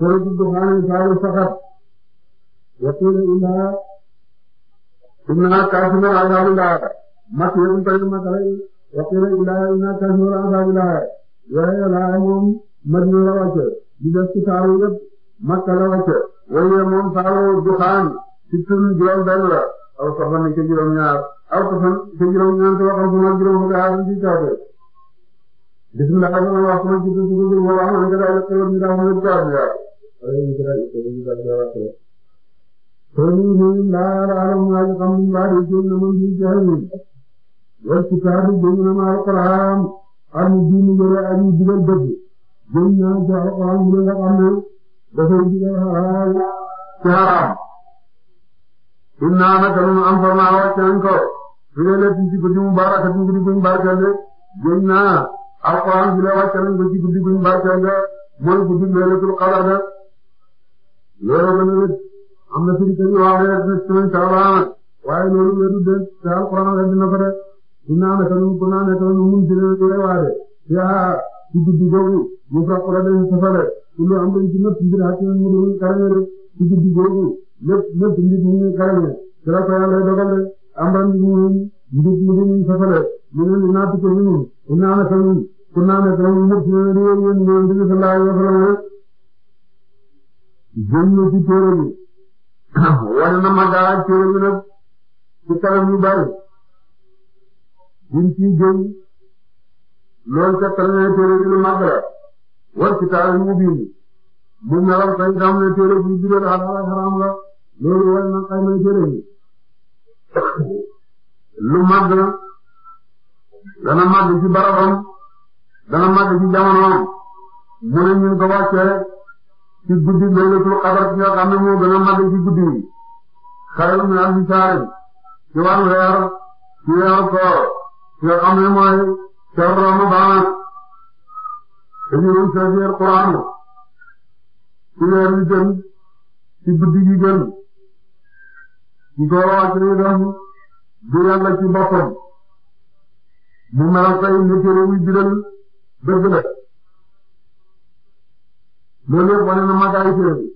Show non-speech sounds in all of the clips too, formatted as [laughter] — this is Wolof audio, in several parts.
سورة الدخان مثال فقط يقول إنها إنها كاشفة عذاب الله مثير بين المثلين يقول إنها إنها كاشفة عذاب الله وهي لا يهم مدينة وجه لدفت سارية مكة وجه وهي من فعل الدخان ست جوال دولة أو صفن كجرم نار أو صفن كجرم نار وقم صفن كجرم نار في كافر بسم الله الرحمن الرحيم وقم صفن كجرم نار وقم صفن كجرم نار وينذر الذين ظلموا فإنهم لا يعلمون ما من بعد الجنة من في جهنم والكتاب الجنة مع القرآن المبين جرى أبي بن البدر جنة جاء القرآن من الأمر دخل بلا هرائي شعرا إنا نكلم أنفرنا وكأنكو في ليلة تجد مباركة تجد مباركة جنة القرآن بلا وكأنكو تجد مباركة mooy guddi laylatul qadr loolu la wér am na suñu suñu waxee suñu incha allah waaye loolu wéru de te alxuraan la dina ko def dina ne que bu naan ne que nu mu jëlee doole waaye yaa ci guddi googu mu fekk la day safare ku lu am dañ ci nëb mbir ak mu dul karame rek ci guddi googu lépp lépp mbir mu ngi karame ci la ko yàlla dogal de am na mbir mu mbir mu ngi safare mu ne lu naatu ko ñu naan ne que ku naan ne que mu nëb ci yéen yéen yéen yéen sallallahu alayhi wa sallam jël na ci téere bi wane na màggaay téere bi nag ci kanam yu bari buñ ciy jël loolu ca kanam ne téere bi lu màgg la war ci taal mu bind mu melal kay dam ne téere bi jural xalaal xaram la loolu wane na kay na téere bi lu màgg ci barabam dana màgg ci jamonoom mu ne ñu ko ci guddi laylatul qadr ci nga xam ne moo gën a màgg ci guddi yi xayrun min alfi shahrin ci wan weer ci weeru koor ci nga xam ne mooy shahru ramadaan dañuy sajeer Qur'aan ci weer yi gën ci guddi yi gën ci ko wàcce yi gën du yàlla ci boppam mu mel say nit yi biral dëgg la loolu yëpp wane na magaayu téere bi téere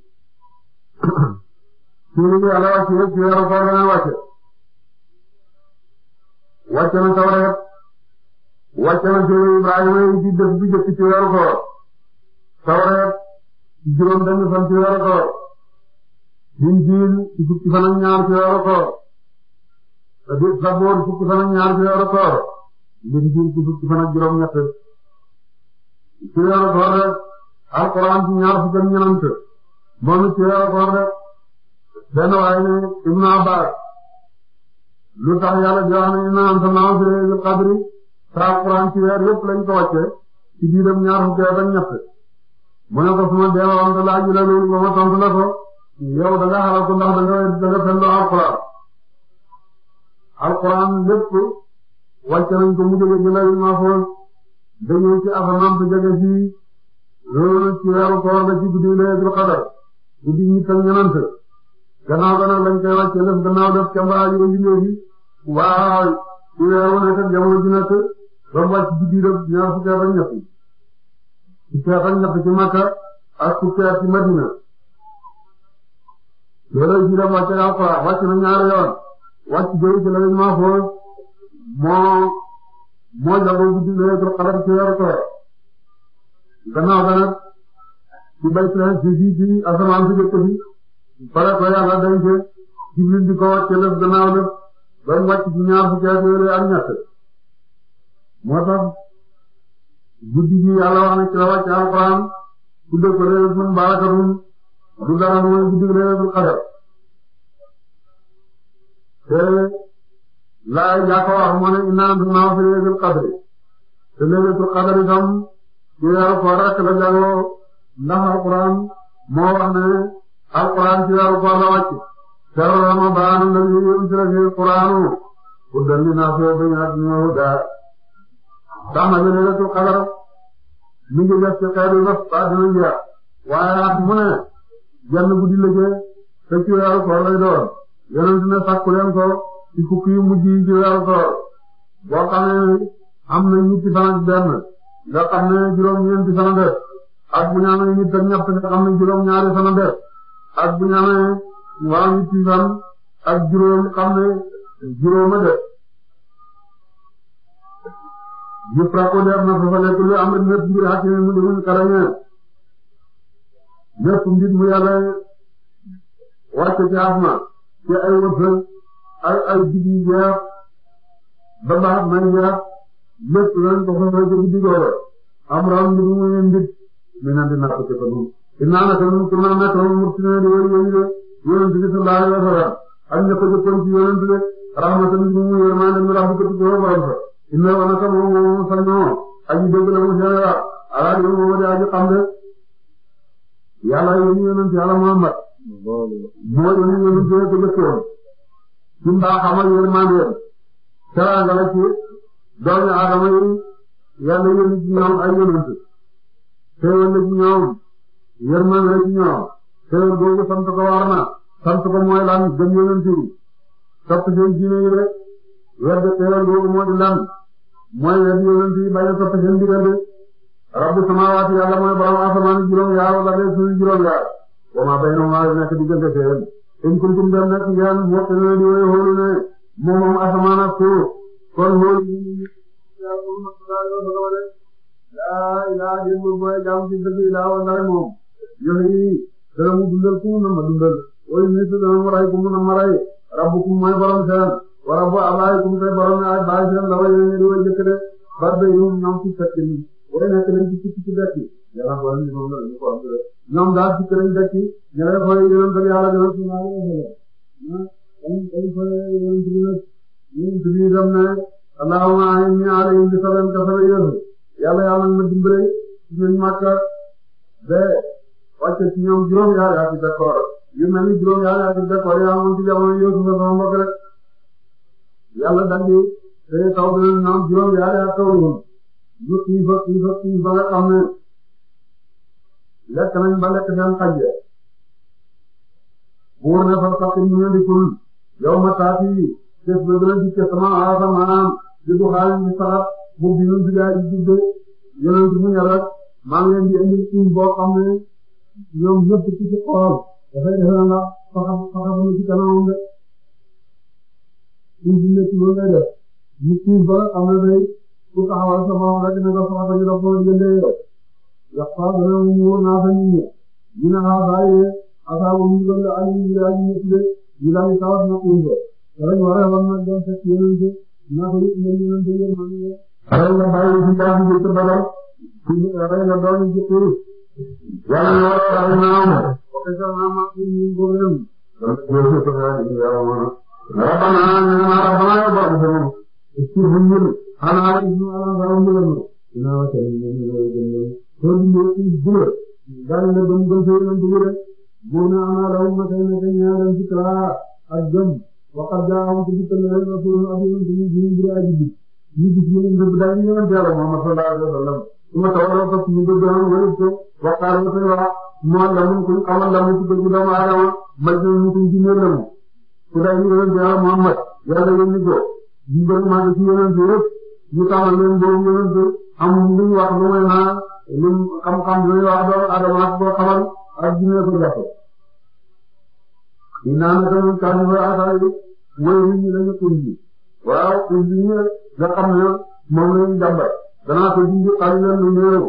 koor la [coughs] na Tawreet yëpp na téere Ibrahima yi ci dëkk koor Tawreet yëpp juróom dañu fan ci weeru koor Injiil ci fukki fan ak ñaar ci weeru koor Sabuur fukki fan ak ñaar ci weeru koor Linjiil ci koor alquran ci ñaar fukk ak ñeent moom it ci weeru koor de benn waaye ne Ibn Abbas lu tax yàlla di wax ne inna anzalnahu fi laylatil qadri sa alquran ci weer yëpp lañ ko wàcce ci diiram ñaar fukk ak ñett mu ne ko suma deewoon te laaj la loolu ba ma tontu la ko yow da nga xalaku ndax da nga da nga fendoo alquran alquran lépp wàcce nañ ko mu jóge ci lawil mahfuus dañu ci asamaan su jóge fii loolu ci weeru koor la ci guddi laylatul qadar guddi ñi tam ñenant gannaaw gannaaw lañ koy wàcce def gannaaw def ca mbaa yu yindoo fi waaw ci weeru nekk jamono ji nekk ba mu wàcc guddi def ñaar fukki at ak ñett fukki at ak ñett ci Makka ak fukki at ci Madina loolu ci dem wàcce alxuraan wàcc na ñaari yoon wàcc jëri ci lañ maa foo moo moo jago guddi laylatul qadar ci weeru koor gannaaw ga nag ci baykat yi ci ci asamaan si jëkk bi bala ko yàlla denc Jibril di ko wàcce lëf gannaaw lëf ba mu wàcc ci ñaar fukki at yooyu ak ñett moo tax guddi gi yàlla wax ne ci la wàcc alquran tudde ko laylatul barakatun du dara mooy guddi laylatul qadar te laay yaa ko wax moo ne inna anzalnahu fi laylatul qadri te laylatul qadri itam ci weeru koor rek la jàngoo ndax alquran moo wax ne alquran ci weeru koor la wàcc شهر رمضان الذي أنزل فيه القرآن هدى للناس وبينات من الهدى تم ليلة القدر mi ngi def ci xeetu yëpp ba dina jeex waaye nag mu ne jenn guddi la cee te ci weeru koor lay doon yonent ne sàkku leen ko ci fukki yu mujj nga xam ne juróom-ñeenti fan la ak bu ñu amee nit ak ñett nga xam ne juróom-ñaari fan la ak bu ñu amee waa nit yi ak juróom xam ne juróoma de yufraqu na fa fa lekk lu am lépp mbir hakim mu dul karañe lépp mbir mu yàlla wàcce ci asma ci ay wërsëg ay ay digg jeex ba baax may jeex lépp lan ko fa rajo bi digoore am ram mbir mu ne mbir mi naan di natt ci ko dum dinaa naka nu ku naan naka nu murti ne di wër yooyu de yonent bi sallallahu alayhi wa sallam ak ña ko jëppoon ci yonent de rahmatan mbir mu yor maa ne mi rahmatu ko ko borom fa inna wa naka moom moom sa ñoo aji dëgg la mu seen wax alaa di moom di aji xam de yàlla yónni yonent yàlla Muhammad moo yónni yonent ko jëppoon ci mbaaxam ak yërmande teraanga la ci doomi aadama yi yàlla yónni ci ñoom ay yonent xéewal la ci ñoom yërmal la ci ñoom xéewal boobu sant ko war na sant ko mooy lan gëm yonent yi topp seen diine yi rek wedd xéewal boobu moo di lan mooy wedd yonent yi bañ a topp seen digal de rabbu samaawaati yàlla mooy borom asamaan juróom yaar wala bee suuf juróom yaar wa maa baynahumaa nekk diggante seen in kuntum dem nekk ngeen woote ne di woy xoolu ne moom moom asamaan ak suuf kon mooy lii yàlla moom la ko laajoo sa doole ah yàlla dégg nga mooy jàmm ci dëkk yi daa war ndare moom yéen ñii dana mu dundal ku mu ne ma dundal wala ministre dana mu ray ku mu ne ma ray rabbukum mooy borom seen wa rabbu abaayikum tey borom ay baay seen la way yéen a doon jëkk de bar ba yow ñoom ci fekk ni way nekk nañ ci ci ci dëkk yàlla war nañ moom la ñu ko am rek ñoom daal ci kër yi dëkk yi ñu lay fay yéen a doon yàlla dana ci ñaareel ak yàlla ah ay ay fay yéen a doon ñun duñu dem ne allahumma inni alayhim bi sab'in ka sab'i yusuf yàlla yàlla na ma dimbale ci ñun Makka ba wàcce ci ñoom juróom-ñaari ati d'accord yu mel ni juróom-ñaari ati d'accord yi amoon ci jamono Yusuf la sama mbokk rek yàlla daldi te taw bi nag ñoom juróom-ñaari at tawul ñu kii fa kii fa kii ba nga xam ne lekk nañ ba lekk seen xaj ya buur ne fa sax ñu ne di kul yow ma taati kees ba dana gis kees sama waa xam maanaam di ko xaar ñu farat moom bi ñu ngi gaa yi gis dee yeneen suñu yàlla maa ngi leen di indi suñ boo xam ne ñoom ñëpp ci ci xool dafay defe na nga faxa faxamu ci kanamam de suñ suñ nekk noonu lay def ñu suñ ba xam ne day ku taxawal sa borom rek dina ko faxa ba ñu doon foofu jëndee yow yàq faa dana mu wóor naa fa ñu ñu ne xaar ah bàyyi asaabu ñu doon la alim ñu daal di ñu tuddee ñu daal di tawat na kuñ ko. lañ war a wax nag doon fekk yeneen ci naa ko yëg ne ñu doon déggee man de. rey nga bàyyi ci bàyyi ci ci badal ci rey nga doon ci tur. yàlla ñu war a rey naam. waxee sax naa ma fi ñu ko réew. donc loolu c'est vrai que yàlla moom la. rabbana ñu ne ma rabbana yow borom sama. ci bu ñu xanaa rek ñu ala ba mu la ñu. dinaa wax ak ñu ñu lay gën leen. soo dundee ci dure. daal nga dem gën sa yeneen dugub rek. bu naa ma la wu ma tey ne te ñaareel ci kala ak jëm. waqad jaa'ahum dikkal na leen rasuulun aziizun bi ñu gën a aji bi ñu gis ñu ngi dëgg daal ñu ngi yàlla Muhammad sallallahu alayhi wa sallam su ma tawaloo ko ci ñu dëgg doon wële ko waxtaan ko wax moom la mu ko amal la mu ci dëgg doomu aadama ma ci ñu ci ñu la mu ku day ñu leen jaal Muhammad yàlla yéen ni ko ñu gën maa ngi ci yeneen bi yëpp ñu tàmal leen boobu yeneen bi amul lu ñu wax lu may naa lu xam-xam lu ñu wax doomu aadama ak boo xamal ak jinne ko jafe inaan ak ñoom kàddu ba asaay mooy nit ñi dañu tudd ji waaw tudd ji nga xam ne moom la ñu jàmbat danaa ko jiw xale leen lu ñëw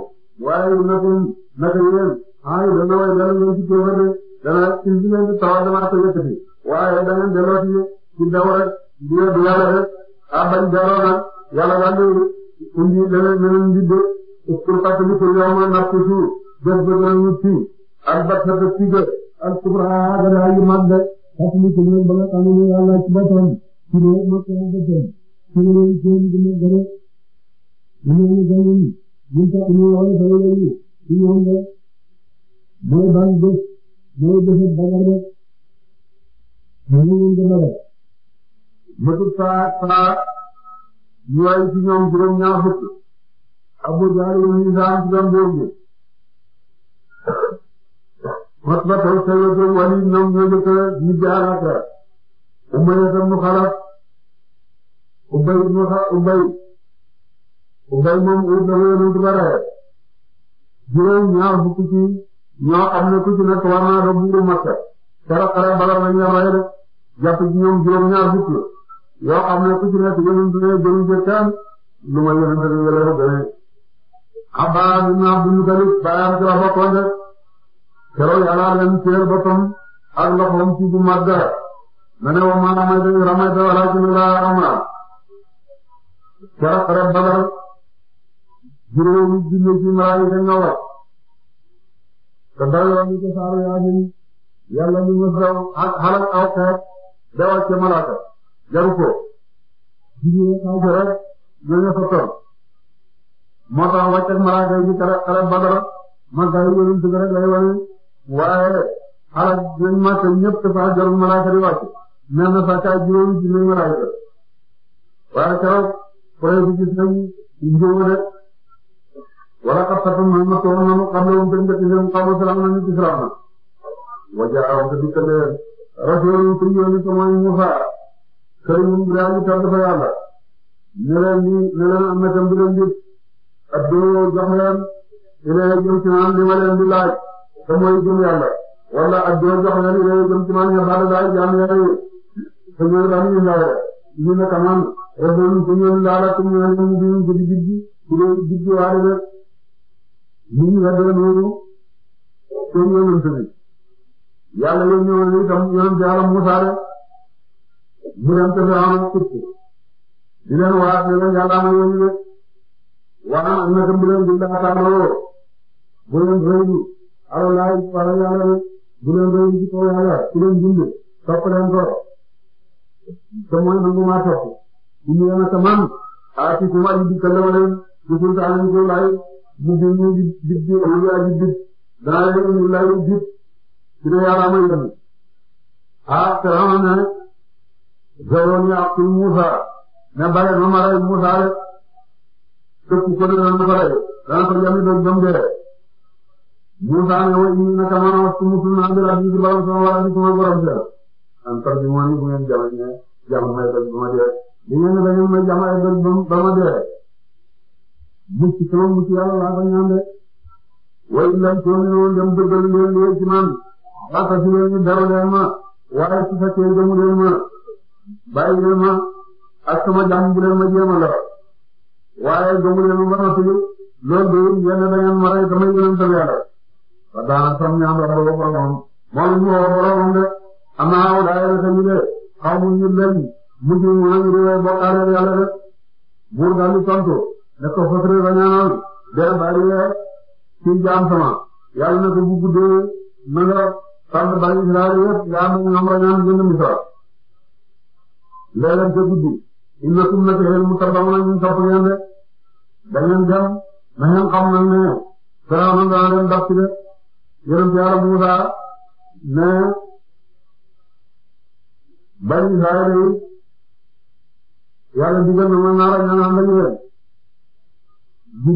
waaye lu nekkul naka yéen ah yow dana way dana ngeen ci tooba de dana tudd ji ngeen ci tawa dana ko yëkkati waaye da ngeen delloo ci ci daw rek di leen di yàlla rek ah bañ jaroo nag yàlla wàllu tudd ji dana dana ji de pour parce que li ko yomb nag toujours des ba gën a ñu ci ak bàtt na ko ci al-kubra gannaaw yu mag de fas yu ci ñoom ba nga xam ne yàlla ci boppam ci réew ma ko nga jëm ci réew seen dina gën a ñu ñu gën ñu ñu tax ñu wala sa wala yi ci ñoom de mooy ban bés mooy bésu bagar de ñu ñu gën a de matu saa saa ñu ay ci ñoom juróom ñaar fukk abu jaari ñu ñu daan ci dem boobu Utba tey Seye Diop Walid ñoom ñoo jëkk ñu jaar ak Umayya ibn Xalaf Ubay ibn Ubay Ubay moom ut na wéyoon du bare juróom ñaar fukki ci ñoo xam ne ku ci nekk war naa doon buuru Makka keroog xare Badar lañ leen rey rek jàpp ci ñoom juróom ñaar fukki yoo xam ne ku ci nekk yonent bi jëriñ ca kenn lu ma yonent bi yële ko gënee Abbas ibn Abdul Muttalib baayam ci la bokkoon rek keroog yàlla leen téer boppam ak loxoom ci bu mat dara ma ne wa ma ramayta iz ramayta walaakinna Allaaha ramaa keroog rek Badar juróomi junni ci malaaka ñoo war te dara ñu ko saaru Yaasin yàlla ñu ngi daw ak xalak aw xeet dawal ci malaaka jaru ko junni xaaj rek ñoo fa toll moo tax wàcc ak malaaka yi ci keroog rek Badar ma gaaw yéen rek lay wane waaye xalaat jën màkk ñëpp dafa jarul malaaka di wàcc mel na sax ay juróomi junni malaaka waaye keroog projet bi gis nañ njóobu de wala kat kattan nañ ma toog nañu xam ne moom tamit dañu xamul salaam nañu ci salaam na. wajaa aw te dikk de rasulun fi yooni ko mooy Musa kër yi mu daal di tàgg fa yàlla ne leen di ne leen am na tam bi leen di addoo jox leen di leen jëm ci naan li ma leen di laaj. te mooy gëm yàlla wala ak doo jox leen yooyu jëm ci man ñu baal daal jàmm yàlla yi te ñoom daal ñu ñëw rek ñu ne tamam réseau bi ñu leen laal ak ñu leen ñu leen di di di di di di waale rek ñu ñu la doon wóoru te ñoo leen tëbi yàlla yooyu ñoo leen itam ñoo leen jaara musaare mu dem te saa am tukki di leen waat ne leen yàlla amul yooyu rek waaw naka mu leen di laataanoo wóor mu leen réew mi. alalaay faral yàlla rek bu leen doon ci kaw yàlla ku leen bind topp leen ko te mooy nangu maa topp bu ñu yéen a tamam ah si kuma di kàlla wala si sultaan yi ko laay bu bi ñu di di di wala yaa di di daa leen ñu laay di ci la yàlla may dem ah te xam nga ne zawoon yaa ko Musa ne bare ma ma rey Musa rek képp ku ko doon ma ko rey dana ko yàlla doon jëm dee. Moussa ne wa inni naka maanaam wax ci musulmaan bi rabbi ci borom sama wala bi sama borom an tar ni bu ngeen jàmm ne may ba ma dee li ngeen ne may jàmm ba ma dee mucc sama mucc yàlla laa ko ñaan de wa illam tu'minu woon dem dëggal leen leen ci man bàkka si leen ñu dara leen ma waaye su fekkee gëmu leen ma bàyyi leen ma ak sama jàmm bu ma jéem a lor waaye gëmu leen ma ba ma fi loolu de yéen da ngeen ma rey sama yonent ba daanaka sax ñu am rafetlu boromam moom ñu am naa aw daay rek ñu de xaw ma ñu leen mujj mu nañu réewee bokkaale yàlla de buur daal di tontu ne ko fësre ba ñaanal de bari yee ci jaam sama yàlla na ko bu guddee na nga sant bari Israël yëpp yaa am ñoom la ñaan gën a misaal léeg-léeg ca guddi innakum naka yéen mu tabam na ñu topp ngeen de da ngeen dem na ngeen xam nañ ne Firawna daa leen dàq de. yonent Yàlla Muusaa ne bani Israayil yi Yàlla digal na ma naara ñaan ànd ak yéen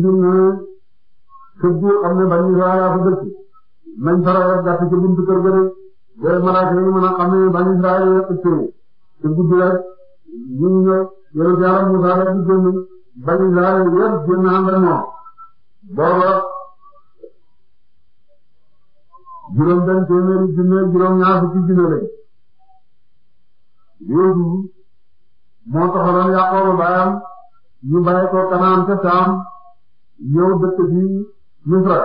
digal na képp ku xam ne bani Israayil yaa ko dëkk nañ faral di gàtt ci buntu kër ga rek yooyu malaaka yi mën a xam ne bani Israayil yaa ko tëj te guddi rek ñu ngi ñëw yonent Yàlla Muusaa rek di génn bani Israayil yëpp génn ànd ak moom booba juróom benn téeméeri junne juróom ñaar fukki junne lañ Yuusuf moo taxaloon Yaqoobu baayam ñu bàyyi ko Kanaan ca Saam ñëw dëkk bi Misra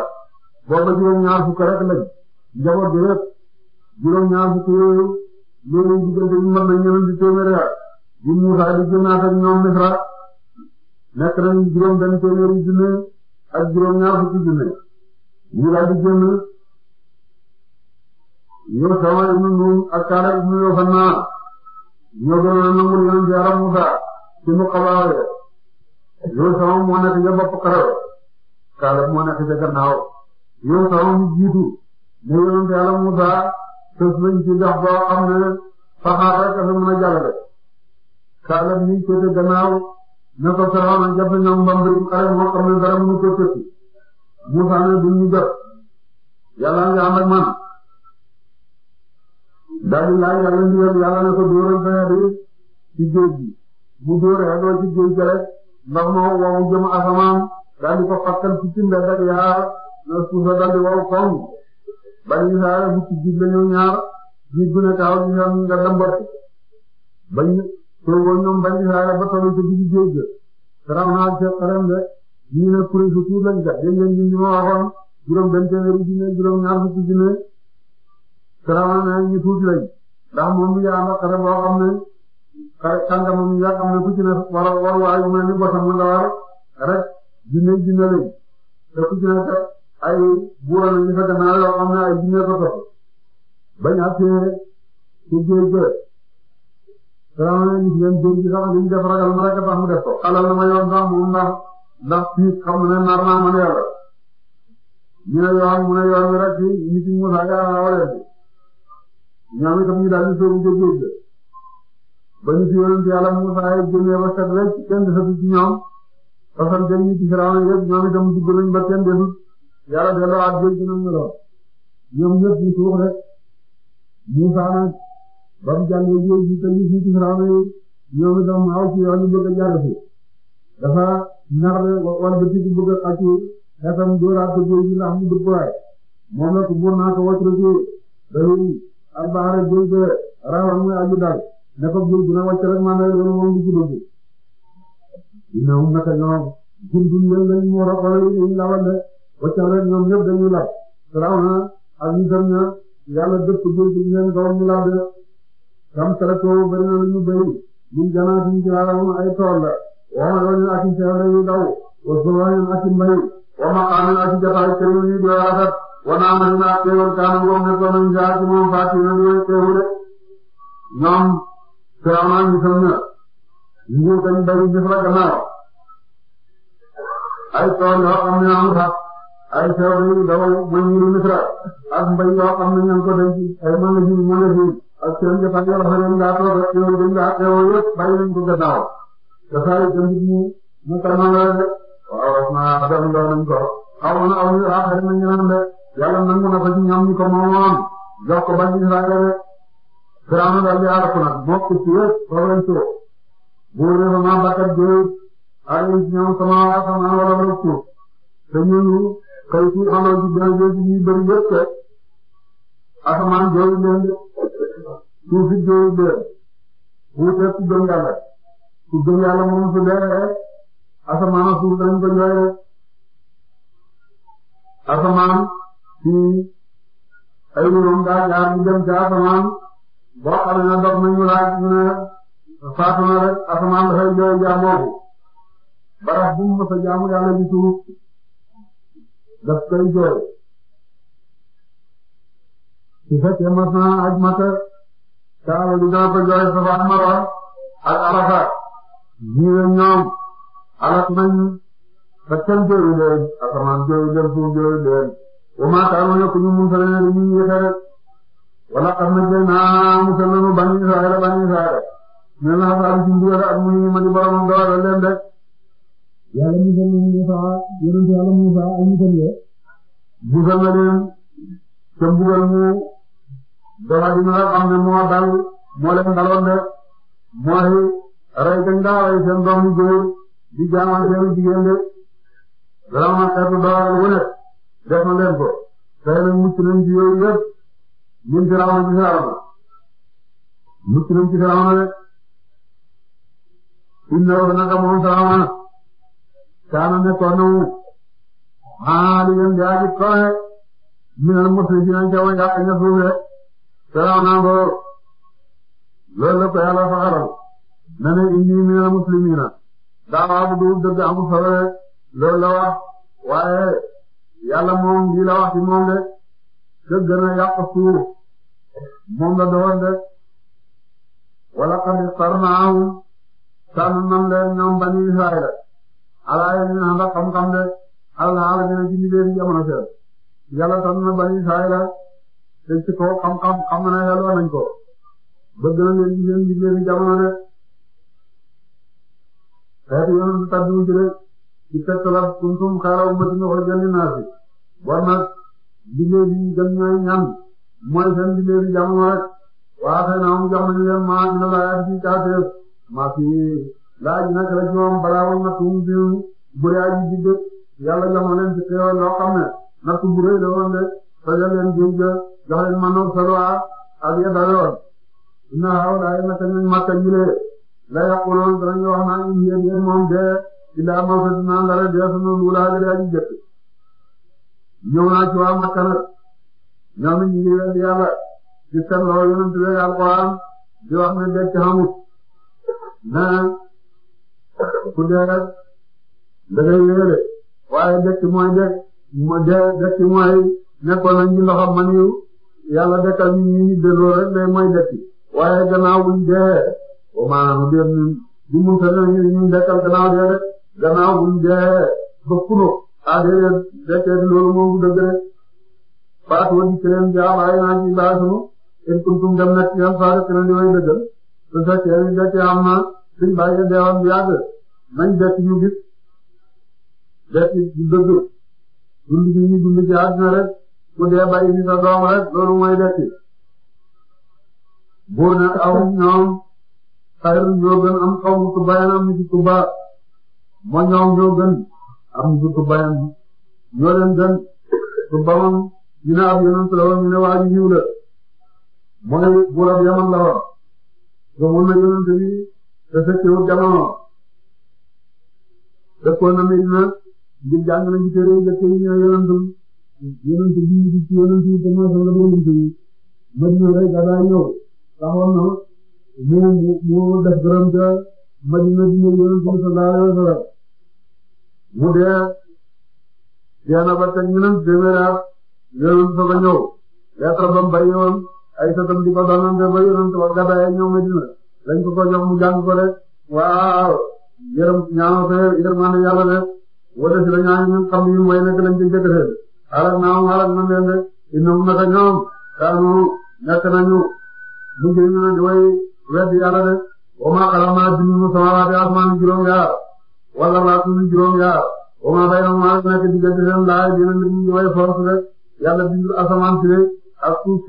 booba juróom ñaar fukk rek lañ njaboot bi rek juróom ñaar fukk yooyu loolu diggante bi mën na ñëwen di téeméeri at bu Muusaa di génnaat ak ñoom Misra nekk nañ juróom benn téeméeri junne ak juróom ñaar fukki junne ñu daal di génn Yusama ibn Nun ak Kaala ibn Yohanna ñoo gënoon a nangu yonent Yàlla Muusaa ci mu xabaare Yusama moo nekk ca bopp karaw Kaala moo nekk ca gannaaw Yusama mu jiitu ne yonent Yàlla Muusaa tës nañ ci dox boo xam ne saxaar rek dafa mën a jàllale Kaala mi ci ca gannaaw ne ko Firawna jàpp ñoom mbambari xare moo xam ne dara mënu ko tëkki Muusaa ne duñ ñu jot Yàlla nga ànd ak man daal di laaj yàlla ndigal yàlla ko dóoral sa xeet ci géej gi mu dóor xeetoo ci géej gi rek ko fàttal ci ci mbedd ak yaar di wow koŋŋ bani Israayil bu ci lañu ñaar jiit bu ne taxaw ci nga dambar bañ toogoon ñoom bani Israayil ba tollu ci digg géej gi Firawna ci xaram de ñu ne kuréel su tuut lañ kat dégg Firawna ñu tuuti lañ ndax moom bi yaa xare boo xam ne xare kàngamam yaa xam ne ku ci ne war war waayu mel ni botam mu ndawal rek jinne jinne lañ te ku ci ne ay buura lañu fa gannaaw yoo xam ne ay jinne ko topp bañ a see ci géej géej Firawna ñu ci leen dégg sax liñ def ragal mu rek tax mu def ko xalal na ma yoon sax moom ndax ndax fii xam ne nar naa man yàlla ñu ne yoon mu ne yoon wi rek ci nit ñi mu saaga rawale ñoom itam ñu daal di sóobu ca géej ga ba ñu ci yonent yàlla Musaa yi génnee ba set rek kenn desatu ci ñoom façon jëm ñu ci Firawna yëpp ñoom itam dugg nañ ba kenn desut yàlla delloo ak géej gi nag ñu doon ñoom ñëpp ñu suux rek Musaa nag ba mu jàngee géej gi te ñu ci ci Firawna yi ñoom itam aw ci yoon yi bëgg a jàll fi dafa nar wala ba ci bëgg a xàccu xetam dóoraat ko géej gi ndax mu dëpp waay moom nag buur naa ko wàcc rek albaara géej de rawan muy aju dal dafa géej dina wàcc rek man de loolu moom du ci dugg. ñoom naka ñoom jur gi ñoom lañ mu rafetlu ñu lawal de wàccal rek ñoom ñëpp dañuy laaj rawana ñu dem na yàlla dëpp géej gi ñoom ñu laaj de. kam saratoo bari na lu ñu bari mun janaa suñu jaraawam ay tool la wama yoon ak i seer dañuy daw wa suwa yoon ak i mbay wama xaaral ak i jataay kër yi ñu doon rafet. wanaa ma ñu naan teewul kaanu boobu ne ko nañu saa ci moom fàcce na ñooy teewule ñoom Firawna ñu sëñ na ñu dañu bëri ñu fa gannaaw ay tool yoo xam ne amul Misra ak mbay yoo xam ne ñoo ay magasin magasin ak seen jëfand yoo xam ne ñu daa toog ak teewul dañu daa teewul yëpp bàyyi nañu ko gannaaw dafa ay jënd ñu mu tànnal waaw maa dem doon nañu ko xaw ma yàlla nangu na ko ci ñoom ñi ko moomoon jox ko bani Israël Firawna daal di aar ko nag bokk ci wépp ba lañ ci woo bu dee sama bakkat jooy ay ñoom sama asamaan wala wala suuf te ñooñu kay ci xamal ci benn jooy ci ñuy bëri yëpp rek asamaan jooy leen suuf it jooy leen wuuteeg ku gëm yàlla ku gëm yàlla moom su dee rek asamaan suuf dañ ko jooy rek asamaan. ci ay noonu daa jaar ñu jëm ci asamaan boo xam ne dox nañu laaj ñu ne faatu na rek asamaan dafay jooy jaamoo ba tax bu mu mës a jaamu yàlla di suuf daf koy jooy su fekkee mas na aj mata kaala gi dana ko jooy Safa ak Marwa ak Arafa ñii la ñoom alak nañu fekkee jooyu leen asamaan jooyu leen suuf jooyu leen وما كانوا يكونوا منفرين به يسرد ولقد نجينا موسى من بني إسرائيل بني إسرائيل من الأحزاب ci mbugal ak muy mën di borom doole leen de yàlla musal na Muusaa yonent yàlla Muusaa ay musal ya musal na leen ca mbugal mu doxa di nga xam ne moo dal moo leen daloon de moo xi rey kañ daa rey seen doom yu góor di jaamaan seen jigéen de vraiment xeetu doole wu ne def na leen ko fexe na mucc nañ ci yooyu yëpp ñun Firawna ci Firawna mucc nañ ci Firawna rek innahu naka moom Firawna kaana nekkoon na mu maa li ngeen jaa ci tooye ñu ne mos na ci nañ ca wàññi ak ña suufee Firawna ko loolu la ko yàlla faxalal na ne indi minal muslimina daa waa bu dugub dëgg amul solo loolu la wax waaye. yàlla moom lii la wax moom de ke gën a yàq moom la doon de wala qad ikhtarnaahum tànn nan leen ñoom bani israila ala yéen a ndax xam-xam de alhaal dina ci liggéey bi jamono seen yàlla tànn na bani israila te ci kaw xam-xam xam na xeloo nañ ko bëgg na leen ci seen liggéey bi jamono de xeetu yoonu tàddu ci de ci teftalab kuntum xaala ummatin uxrijat linnaasi bon nag liggéey bi dañ ñooy ñan mooy seen liggéey bi jamono rek waa xëy na moom jox nañu leen maa dina laaj ci kaateef maa fi laaj nag la ci moom balaa woon nattu mu biir bëri aji ji dëkk yàlla jox na leen ci xéewal loo xam ne nattu bu rëy la woon de fajal leen géej ga jox leen manoog salwaa ak ya inna hawlaay naka ñu makka ji lee la yaqulun danañu wax naan yéen yéen moom dee illaa mawtatinaa ndara dee sunu luulaa gi aji jëkk ñëw naa ci waa Makka nag ñoom ñu ngi wedd yàlla ci seen loxo yonent bi alquran di wax ne dekk xamut na ku dee rek da ngay wéere waaye dekk mooy dekk mu dee dekk mooy nekkoon nañ ci loxo man yu yàlla dekkal ñu ñu delloo rek day mooy dekk waaye gannaaw buñ dee wa maanaam déet ñun du mun sa ñu dekkal gannaaw dee rek gannaaw buñ dee ba kuno ah déedéet déedéet loolu moom bu dëgg rek baatu woon ci leen jaaw ay naa ci baatu in kuntum dem na ci yan faara keneen di way dëggal su fekkee ni dëkk am na suñ bàyyi deewoon bi yàgg nañ dëkk ñu gis dëkk bu dëgg dund gi ñu dund ci àdduna rek ku dee bàyyi ni sa doom rek loolu mooy dëkk buur na aw ñoom xayru ñoo gën am xaw mu tubaay na am ci tubaab moo ñoom ñoo gën am njëkk bayam ñoo gën su bamam ñu ne ab yonent la woon ñu ne waa ji la mooy buurab yaman la woon gëmoon na yonent bi te fekkewut jamono dëkkoon na Medina ngir jàng na ci téere jëkk yi ñoo yonent yonent bi di ci yonent yi te mooy sama yonent yi Medina rek daal na mu mu def gërëm Madina dina yonent bi sallallahu alayhi wa sallam mu dee Diana ba teg ñu ne téeméer ak yonent ba ñëw Yatra ba mu bàyyi woon ay satam di ko donante ba yonent ba gàddaay ak ñëw Madina lañ ko ko jox mu jàng ko de waaw yërëm ñaanoo ko yërmande yàlla de wala si la ñaan ñu xam yu may nekk lañ ci jëkk de alak naam alak na leen de innahum naka ñoom kaanu ñàkk nañu mujj ñu ne di way weddi yàlla de wa maa xalaqnaa junnu samaawaati asmaan juróom yaar wala laa suñu juróom yaar wa maa baynahumaa nekk diggante seen laay dina nit ñi way force rek yàlla bind asamaan si rek rek a bind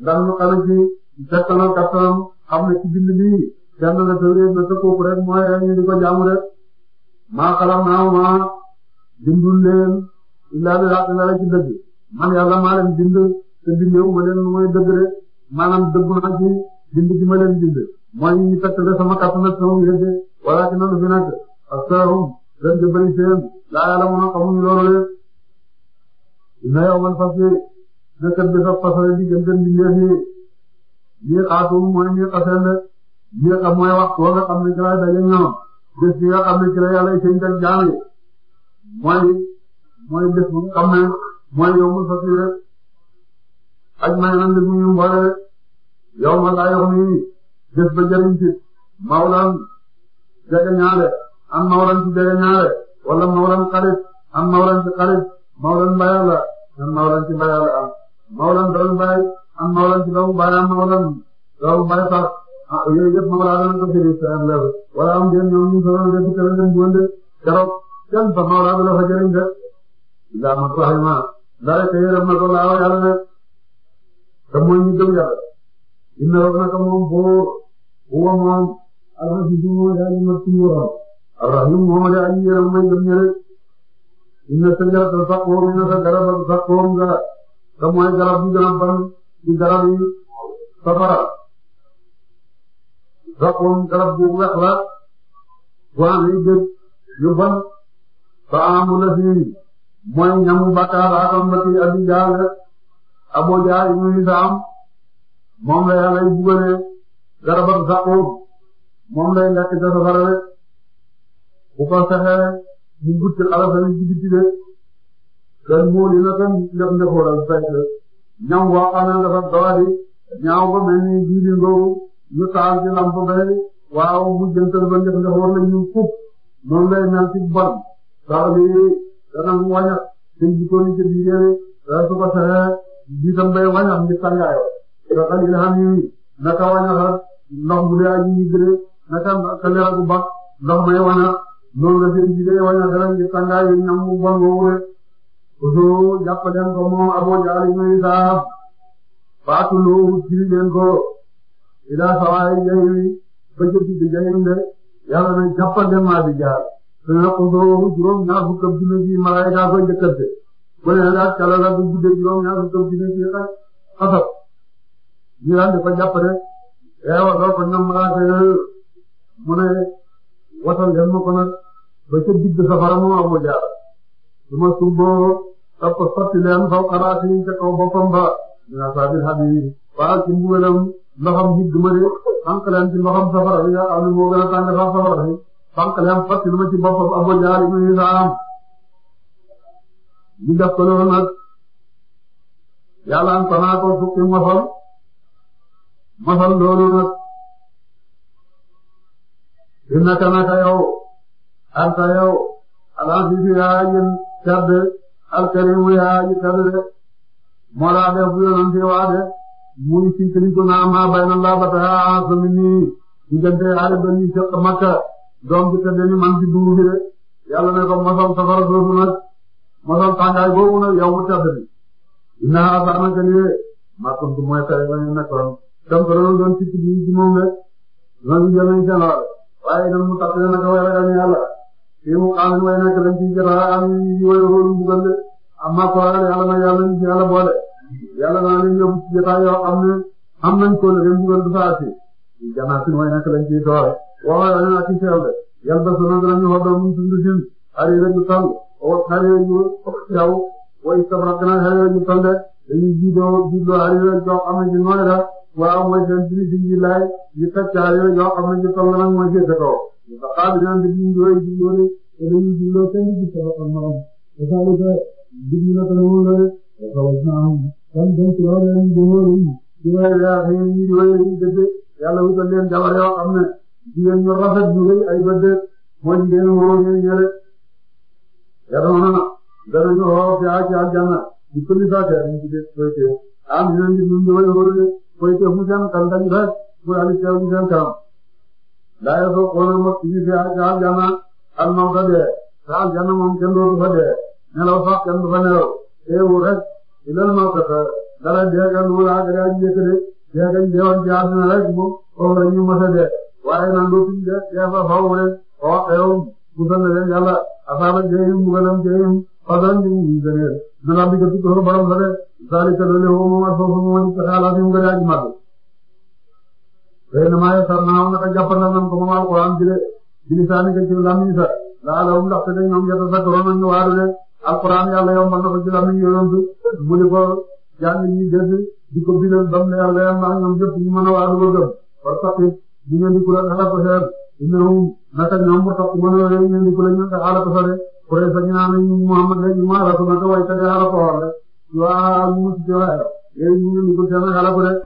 ndax ñu xamee ci kattanam kattanam xam ne ci bind bii kenn na sa kooku rek mooy rek ñu di ko jaamu rek maa xalaqnaahumaa bindul leen illaa bi laa ci dëgg man yàlla maa leen bind te bindee uma leen mooy dëgg rek maanaam dëggu naa ci bind gi ma leen bind mooy ñu fekk de sama kàttan ak sama yëngu wala ci noonu fi nekk ak saa yu gën di bëri seen laa yàlla mun a xamuñu loolu rek dina yow man fas yéene nekkat bi di ñëw fii mooy ñii xasee ne ñii xam mooy wax boo nga xam ne ci laay mooy mooy bés bu xam mooy yow man aj may nan li muy mboole yow ma laa yox nii jëf ba jëriñ ci mawlan jege ñaare am mawlan ci jege ñaare wala mawlan xarit am mawlan ci xarit mawlan bàyyi la am mawlan ci bàyyi la am mawlan doomu bàyyi am mawlan ci doomu bàyyi am mawlan doomu bàyyi sax ah yooyu yëpp mawlan dana ko firi sa am leer wala am ngeen ñoom ñu soxla ngeen ci kër ngeen buwante keroog kenn ba mawlan bi la fa jëriñ de ila ma rahima dara ka yërëm na ko laaw yàlla nag te mooy ñu gëm yàlla inna rabbaka moom buur huwa moom al-aziizu mooy daal di mën si nguuram ar-rahiim moom daal di yërëm may gëm ñële inna sajarata saqoor inna sajarata saqoor nga te mooy garab bi gën a ban ci garab yi safara saqoor garab bu weex la bu am ay gët yu ban ba amu la fi mooy ñamu bakkaar ak am na ci abi jaal Abu Jahl ibn Hisham moom la yàlla yu buggalee garabatu Saqum moom lay lekk ca safara rek bu ko saxee ñu gudd alafa yi ci biir kenn muul yi la kenn ñëpp ñëppoo la fekk ñam waa xam ne dafa dawati ñaaw ba mel ni jiibi ngoogu ñu taal ci lamp bay waaw mu jëntal ba ñëpp ñëppoo la ñu fukk moom lay mel ci bon sax bi dana mu wàññi seen jikko yi ca biir yële su ko saxee diisam bay wañax ngir tàngaayoo nga xam ne xam ni naka wañax ndox bu dee aji ñu jëlee ka leer bu baax ndox bay wañax noonu la seen jigéen wañax dara ngir tàngaayoo ñam bu bon woowu rek toujours jàpp leen ko moom Abu Jahl ñuy saaf faatulu ci leen ko ilaa sawaay jahim ba jëndi di jahim de yàlla na jàppal leen maa di jaar te nag ko juróom ñaar fukk ak junni ji malaayka koy jëkkante bu ne daal kàlla daal bu guddee juróom ñaar bu toog guddee ci rek xasab ñu daal di ko jàpp rek yaa ngi ko ñoom malaaka yooyu mu ne wasal ngeen ma ko nag ba ca digg safara mu amu jaar su ma sumboo tapp sotti leen faw xalaat yi ca kaw boppam ba yaa saa bi xam yi waaye ci mbugalam ndoxam ji duma de fànq leen ci ndoxam safara bi nga xam ne moo gën a tàng sax safara bi fànq leen sotti ma ci boppam amu jaar yi muy saam ñu def ko loolu nag tanaa ko fukki mosal mosal loolu nag dina ka naka yow arta yow alaasiisu yaa yin cadde alkarimu yaa yi cadde de moo laa def yonante waa de muy naa maa bayna laabata yaa asami nii diggante yaa rebbe nii makka doom ji cadde man ji duufi de yàlla ne safara soosu nag mosal tàngaay boobu nag yow mu tedd bi dinaa sax nag ne ma tontu mooy xëy na ñu nekkoon tam ko doon doon picc bi ci moom rek dinañ jël nañ seen lool waaye itam mu tàggat na ko way ragal ni yàlla fii mu xam ne way nekk dañ ciy jot a am yi way loolu mbugal de am naa ko ragal yàlla na yàlla ñu ci yàlla boole yàlla naa leen yóbbu ci jotaay yoo xam ne am nañ ko la mbugal du saa si gannaaw si way nekk dañ ciy doore waaw waaye dañoo ci seetlu de yàlla ba sonal dinañu wax ba mu tudd si ari rek du tàll. xale yu sew way sabra gannaaw xale yu tonde dañuy jiidoo jiidoo xale yu joo xam ne ñu nooy la waaw mooy seen biir di ñu laaj ñu toj xale yu joo xam ne ñu toll nag mooy jëkkatoo nga xam ne dañu jiidoo jiidoo de te dañuy jiidoo seen biir sabra ak moom te saa yu bëre jiitu na ko noonu la de te xaw ma naa kan dañ ci loolu leen di wóor yi ci wéy yaa xëy ñu di wéy yi dëgg yàlla wutal leen jabar yoo xam ne jigéen ñu rafet ñu rëy ay bëdd mooy jigéen wóor ñeen ñële yadoona darañu hoo fi aa ci aljanna ci kulli saate añu ci des koyte am ñu ngi ñu way hoore koyte fu seen kan dañu rek fu ali teew ñu seen kanam laa yasoo koona mot ci fi aa ci aljanna al mawta dee te aljanna moom kenn dootu fa dee nelaw sax kenn du fa nelaw teewu rek ilal mawta ta dara dee kan du laa gari aji yëkkëre dee kañ deewan ci àdduna rek mu oo rek ñu mos a dee waaye nan dootuñ dee dee fa faw rek oo xeewum musal na leen yàlla asaaba jëyim mbugalam jëyim fasan bi ñu gëneel dina bi gëstu doon borom la de zalika loolu moom mooy foofu moom it xalaat yu mu gën a aji màgg. xëy na maa sar naa naka jàppandal nañ ko moom alquran di ko di ko bindal ba mu ne yàlla yàlla par sax it di kuréel xalaat ko innahum naka ñoom mu topp mën na leen indi ku la ñu nga xaaral ko sore kuréel sax ñu naan Muhammad léegi mu xaaral ko naka waaye te xaaral ko xool rek waaw mu mucc ci waaye